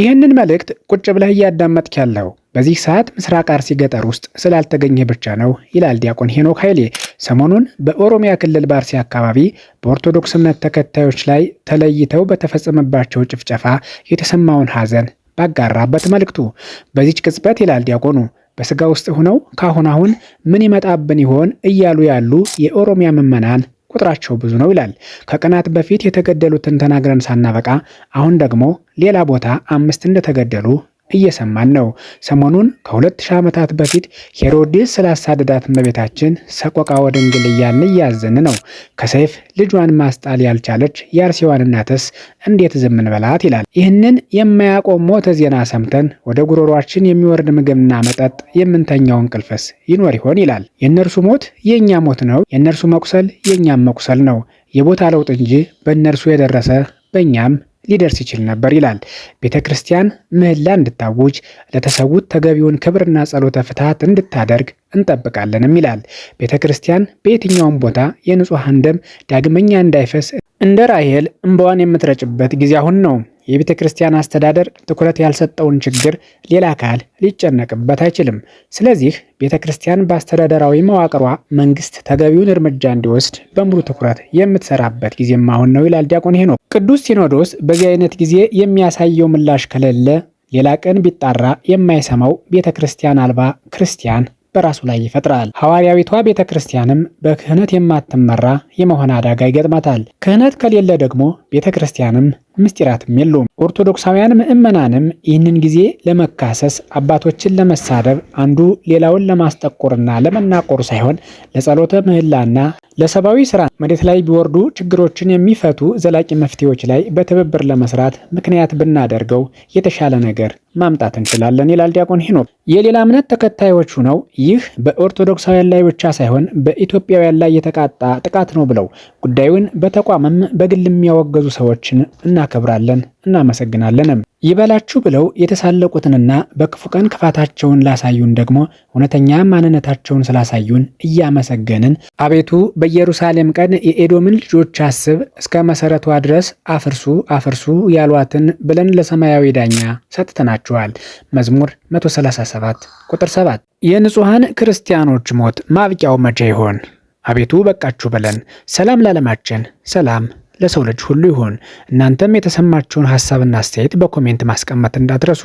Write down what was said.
ይህንን መልእክት ቁጭ ብለህ እያዳመጥክ ያለው በዚህ ሰዓት ምስራቅ አርሲ ገጠር ውስጥ ስላልተገኘ ብቻ ነው ይላል ዲያቆን ሄኖክ ኃይሌ። ሰሞኑን በኦሮሚያ ክልል በአርሲ አካባቢ በኦርቶዶክስ እምነት ተከታዮች ላይ ተለይተው በተፈጸመባቸው ጭፍጨፋ የተሰማውን ሐዘን ባጋራበት መልእክቱ በዚች ቅጽበት ይላል ዲያቆኑ በስጋ ውስጥ ሆነው ካሁን አሁን ምን ይመጣብን ይሆን እያሉ ያሉ የኦሮሚያ ምዕመናን ቁጥራቸው ብዙ ነው ይላል። ከቀናት በፊት የተገደሉትን ተናግረን ሳናበቃ አሁን ደግሞ ሌላ ቦታ አምስት እንደተገደሉ እየሰማን ነው። ሰሞኑን ከሁለት ሺህ ዓመታት በፊት ሄሮድስ ስላሳደዳት እመቤታችን ሰቆቃ ወደ እያልን እያዘን ነው። ከሰይፍ ልጇን ማስጣል ያልቻለች የአርሴዋን እናትስ እንዴት ዝም እንበላት ይላል። ይህንን የማያቆም ሞተ ዜና ሰምተን ወደ ጉሮሯችን የሚወርድ ምግብና መጠጥ የምንተኛው እንቅልፍስ ይኖር ይሆን ይላል። የእነርሱ ሞት የእኛ ሞት ነው። የእነርሱ መቁሰል የእኛም መቁሰል ነው። የቦታ ለውጥ እንጂ በእነርሱ የደረሰ በእኛም ሊደርስ ይችል ነበር ይላል። ቤተ ክርስቲያን ምህላ እንድታውጅ ለተሰዉት ተገቢውን ክብርና ጸሎተ ፍትሐት እንድታደርግ እንጠብቃለንም ይላል። ቤተ ክርስቲያን በየትኛውም ቦታ የንጹሐን ደም ዳግመኛ እንዳይፈስ እንደ ራሄል እንባዋን የምትረጭበት ጊዜ አሁን ነው። የቤተ ክርስቲያን አስተዳደር ትኩረት ያልሰጠውን ችግር ሌላ አካል ሊጨነቅበት አይችልም። ስለዚህ ቤተ ክርስቲያን በአስተዳደራዊ መዋቅሯ መንግስት ተገቢውን እርምጃ እንዲወስድ በሙሉ ትኩረት የምትሰራበት ጊዜም አሁን ነው ይላል ዲያቆን ሄኖ። ቅዱስ ሲኖዶስ በዚህ አይነት ጊዜ የሚያሳየው ምላሽ ከሌለ ሌላ ቀን ቢጣራ የማይሰማው ቤተ ክርስቲያን አልባ ክርስቲያን በራሱ ላይ ይፈጥራል። ሐዋርያዊቷ ቤተ ክርስቲያንም በክህነት የማትመራ የመሆን አደጋ ይገጥማታል። ክህነት ከሌለ ደግሞ ቤተ ክርስቲያንም ምስጢራትም የሉም። ኦርቶዶክሳውያን ምዕመናንም ይህንን ጊዜ ለመካሰስ አባቶችን ለመሳደብ አንዱ ሌላውን ለማስጠቆርና ለመናቆር ሳይሆን ለጸሎተ ምህላና ለሰብአዊ ስራ መሬት ላይ ቢወርዱ ችግሮችን የሚፈቱ ዘላቂ መፍትሄዎች ላይ በትብብር ለመስራት ምክንያት ብናደርገው የተሻለ ነገር ማምጣት እንችላለን ይላል ዲያቆን ሄኖክ። የሌላ እምነት ተከታዮች ነው ይህ በኦርቶዶክሳውያን ላይ ብቻ ሳይሆን በኢትዮጵያውያን ላይ የተቃጣ ጥቃት ነው ብለው ጉዳዩን በተቋምም በግል የሚያወገዙ ሰዎችን እናከብራለን፣ እናመሰግናለንም። ይበላችሁ ብለው የተሳለቁትንና በክፉ ቀን ክፋታቸውን ላሳዩን ደግሞ እውነተኛ ማንነታቸውን ስላሳዩን እያመሰገንን አቤቱ በኢየሩሳሌም ቀን የኤዶምን ልጆች አስብ፣ እስከ መሰረቷ ድረስ አፍርሱ አፍርሱ ያሏትን ብለን ለሰማያዊ ዳኛ ሰጥተናችኋል። መዝሙር 137 ቁጥር 7 የንጹሐን ክርስቲያኖች ሞት ማብቂያው መቼ ይሆን? አቤቱ በቃችሁ በለን። ሰላም ላለማችን፣ ሰላም ለሰው ልጅ ሁሉ ይሁን። እናንተም የተሰማችሁን ሀሳብና አስተያየት በኮሜንት ማስቀመጥ እንዳትረሱ።